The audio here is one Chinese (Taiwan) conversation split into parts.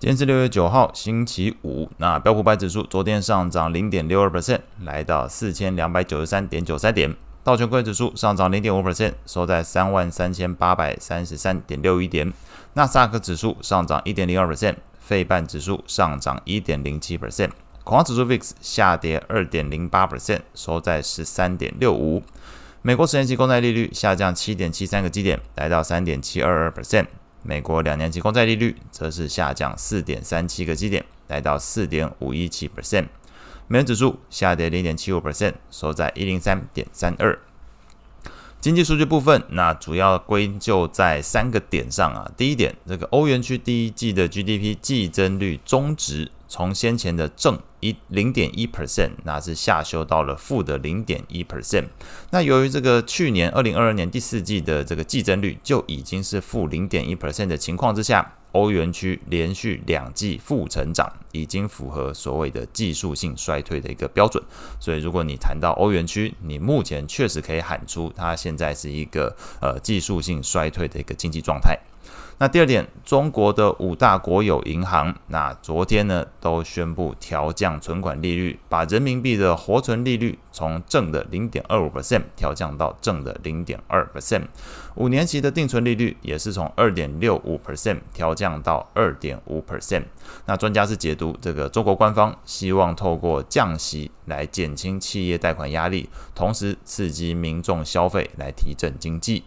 今天是六月九號，星期五。那標普五百指數昨天上漲零點六二百分來到四千兩百九十三點九三點。道瓊斯指數上漲零點五百分，收在三萬三千八百三十三點六一點。納斯達克指數上漲一點零二百分，費半指數上漲一點零七百分，恐慌指數 VIX 下跌二點零八百分，收在十三點六五。美國十年期公債利率下降七點七三個基點，來到三點七二二百分。美國兩年期公債利率則是下降四點三七個基點，來到四點五一七 percent。美元指數下跌零點七五 percent，收在一零三點三二。經濟數據部分，那主要歸咎在三個點上啊。第一點，這個歐元區第一季的 GDP 季增率終值從先前的正一零點一 percent，那是下修到了負的零點一 percent。那由於這個去年二零二二年第四季的這個季增率就已經是負零點一 percent 的情況之下。歐元區連續兩季負成長，已經符合所謂的技術性衰退的一個標準。所以，如果你談到歐元區，你目前確實可以喊出它現在是一個呃技術性衰退的一個經濟狀態。那第二點，中國的五大國有銀行，那昨天呢都宣布調降存款利率，把人民幣的活存利率從正的零點二五%調降到正的零點二%。五年期的定存利率也是從二點六五%調降到二點五%。那專家是解讀，這個中國官方希望透過降息來減輕企業貸款壓力，同時刺激民眾消費來提振經濟。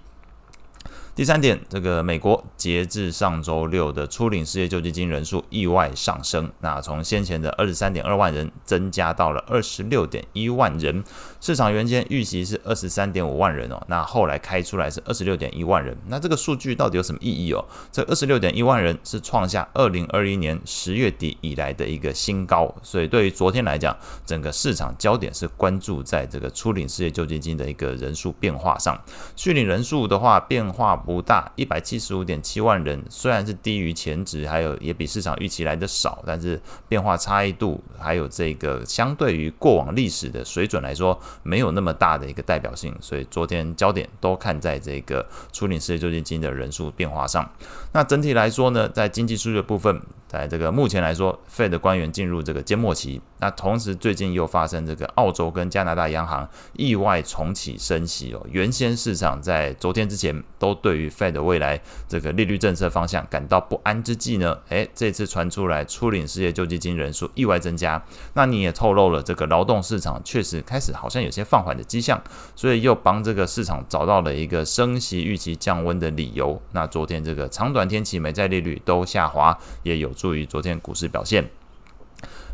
第三點，這個美國截至上周六的初領失業救濟金人數意外上升，那從先前的二十三點二萬人增加到了二十六點一萬人，市場原先預期是二十三點五萬人哦，那後來開出來是二十六點一萬人，那這個數據到底有什麼意義哦？這二十六點一萬人是創下二零二一年十月底以來的一個新高，所以對於昨天來講，整個市場焦點是關注在這個初領失業救濟金的一個人數變化上，續領人數的話，變化。不大，一百七十五點七萬人，雖然是低於前值，還有也比市場預期來的少，但是變化差異度還有這個相對於過往歷史的水準來說，沒有那麼大的一個代表性，所以昨天焦點都看在這個初領失業救濟金的人數變化上。那整體來說呢，在經濟數據的部分。在這個目前來說，Fed 的官員進入這個緘默期，那同時最近又發生這個澳洲跟加拿大央行意外重啟升息哦。原先市場在昨天之前都對於 Fed 未來這個利率政策方向感到不安之際呢，誒，這次傳出來初領失業救濟金人數意外增加，那你也透露了這個勞動市場確實開始好像有些放緩的跡象，所以又幫這個市場找到了一個升息預期降溫的理由。那昨天這個長短天氣，美債利率都下滑，也有。助於昨天股市表現，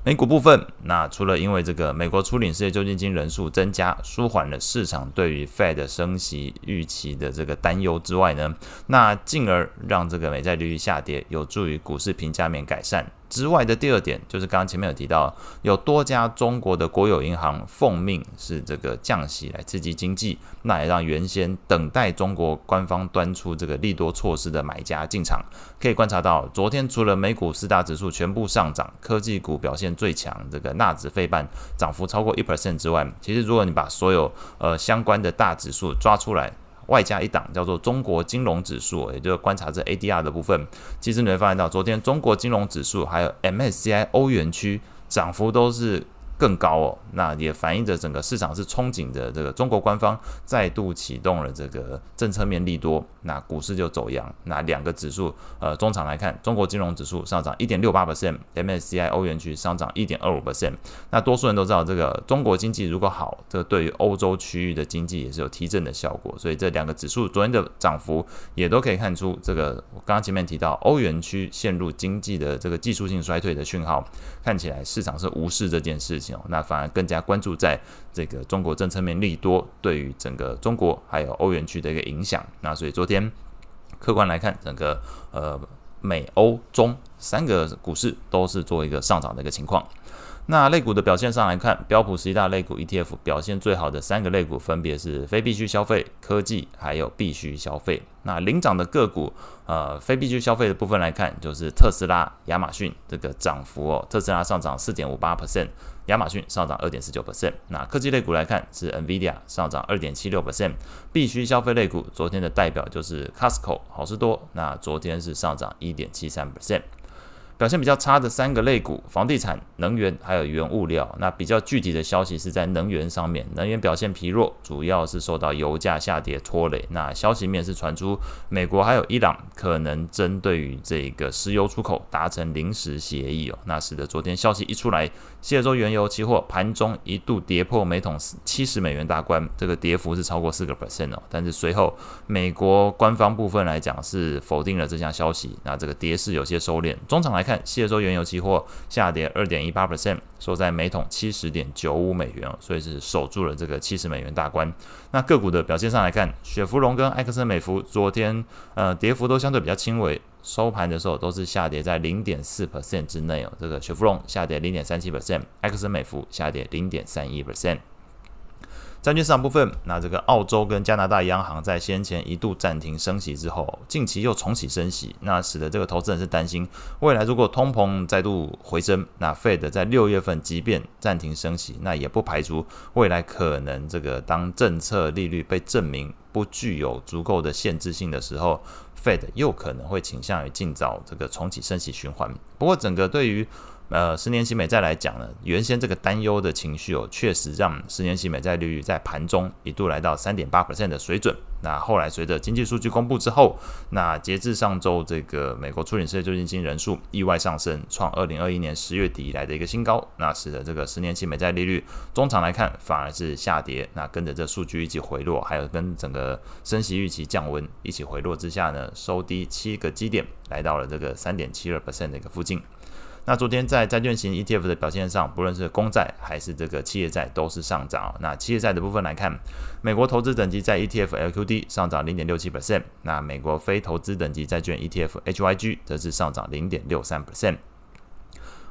美股部分，那除了因為這個美國初領失業救濟金人數增加，舒緩了市場對於 Fed 的升息預期的這個擔憂之外呢，那進而讓這個美債利率下跌，有助於股市評價面改善。之外的第二點就是，剛剛前面有提到，有多家中國的國有銀行奉命是這個降息來刺激經濟，那也讓原先等待中國官方端出這個利多措施的買家進場。可以觀察到，昨天除了美股四大指數全部上漲，科技股表現最強，這個納指、費半漲幅超過一 percent 之外，其實如果你把所有呃相關的大指數抓出來。外加一檔叫做中國金龍指數，也就是觀察這 ADR 的部分。其實你會發現到，昨天中國金龍指數還有 MSCI 歐元區漲幅都是。更高哦，那也反映着整個市場是憧憬的，這個中國官方再度啟動了這個政策面利多，那股市就走揚，那兩個指數，呃，中場來看，中國金龍指數上漲 1.68%，MSCI 歐元區上漲1.25%，那多數人都知道，這個中國經濟如果好，這個對於歐洲區域的經濟也是有提振的效果。所以這兩個指數昨天的漲幅也都可以看出，這個我剛剛前面提到，歐元區陷入經濟的這個技術性衰退的訊號，看起來市場是無視這件事情。那反而更加關注在這個中國政策面利多對於整個中國還有歐元區的一個影響。那所以昨天客觀來看，整個呃美歐中三個股市都是做一個上漲的一個情況。那類股的表現上來看，標普十一大類股 ETF 表現最好的三個類股分別是非必需消費、科技，還有必需消費。那領漲的個股，呃，非必需消費的部分來看，就是特斯拉、亞馬遜，這個漲幅哦，特斯拉上漲四點五八 percent，亞馬遜上漲二點四九 percent。那科技類股來看是 NVIDIA 上漲二點七六 percent，必需消費類股昨天的代表就是 Costco 好市多，那昨天是上漲一點七三 percent。表現比較差的三個類股：房地產、能源還有原物料，那比較具體的消息是在能源上面。能源表現疲弱，主要是受到油價下跌拖累。那消息面是傳出美國還有伊朗可能針對於這個石油出口達成臨時協議哦，那使得昨天消息一出來，西德州原油期貨盤中一度跌破每桶七十美元大關，這個跌幅是超過四個 percent 哦。但是隨後美國官方部分來講是否定了這項消息，那這個跌勢有些收斂。中場來。看，西德州原油期貨下跌二點一八 percent，收在每桶七十點九五美元，所以是守住了這個七十美元大關。那個股的表現上來看，雪佛龍跟埃克森美孚昨天呃跌幅都相對比較輕微，收盤的時候都是下跌在零點四 percent 之內哦。這個雪佛龍下跌零點三七 percent，埃克森美孚下跌零點三一 percent。債券市場部分，那這個澳洲跟加拿大央行在先前一度暫停升息之後，近期又重啟升息，那使得這個投資人是擔心，未來如果通膨再度回升，那 Fed 在六月份即便暫停升息，那也不排除未來可能這個當政策利率被證明不具有足夠的限制性的時候，Fed 又可能會傾向於盡早這個重啟升息循環。不過，整個對於。呃，十年期美債來講呢，原先這個擔憂的情緒哦，確實讓十年期美債利率在盤中一度來到三點八%的水準。那後來隨着經濟數據公布之後，那截至上周這個美國初領失業救濟金人數意外上升，創二零二一年十月底以來的一個新高，那使得這個十年期美債利率終場來看反而是下跌。那跟着這數據一起回落，還有跟整個升息預期降溫一起回落之下呢，收低七個基點，來到了這個三點七二%的一個附近。那昨天在債券型 ETF 的表現上，不論是公債還是這個企業債都是上漲。那企業債的部分來看，美國投資等級債 ETF LQD 上漲零點六七 percent，那美國非投資等級債券 ETF HYG 則是上漲零點六三 percent。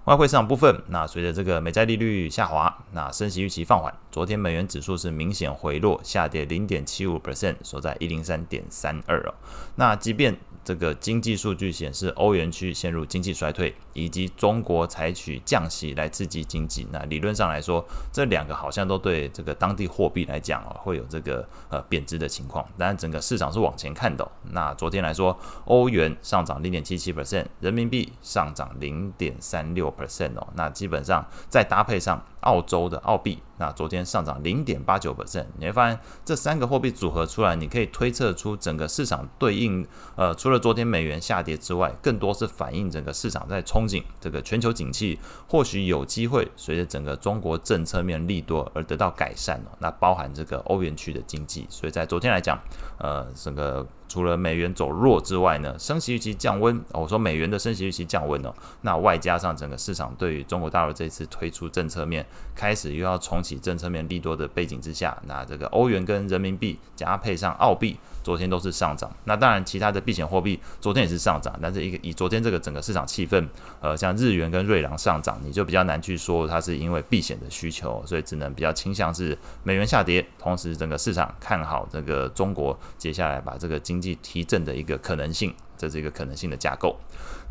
外匯市場部分，那隨着這個美債利率下滑，那升息預期放緩，昨天美元指數是明顯回落，下跌零點七五 percent，所在一零三點三二哦。那即便這個經濟數據顯示歐元區陷入經濟衰退，以及中國採取降息來刺激經濟，那理論上來說，這兩個好像都對這個當地貨幣來講哦，會有這個呃貶值的情況。當然，整個市場是往前看的哦。那昨天來說，歐元上漲零點七七 percent，人民幣上漲零點三六 percent 哦。那基本上再搭配上澳洲的澳幣，那昨天上漲零點八九 percent，你會發現這三個貨幣組合出來，你可以推測出整個市場對應呃，除了昨天美元下跌之外，更多是反映整個市場在衝。這個全球景氣或許有機會隨着整個中國政策面利多而得到改善，哦、那包含這個歐元區的經濟，所以在昨天來講，呃，整個。除了美元走弱之外呢，升息預期降溫。我說美元的升息預期降溫哦，那外加上整個市場對於中國大陸這次推出政策面開始又要重啟政策面利多的背景之下，那這個歐元跟人民幣加配上澳幣，昨天都是上漲。那當然其他的避險貨幣昨天也是上漲，但是一個以昨天這個整個市場氣氛，呃，像日元跟瑞郎上漲，你就比較難去說它是因為避險的需求，所以只能比較傾向是美元下跌，同時整個市場看好這個中國接下來把這個經經濟提振的一個可能性，這是一個可能性的架構。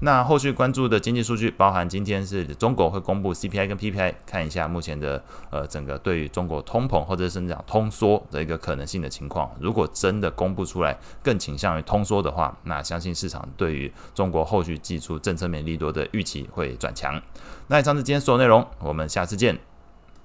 那後續關注的經濟數據，包含今天是中國會公布 CPI 跟 PPI，看一下目前的呃整個對於中國通膨或者甚至講通縮的一個可能性的情況。如果真的公布出來更傾向於通縮的話，那相信市場對於中國後續祭出政策面利多的預期會轉強。那以上是今天所有內容，我們下次見。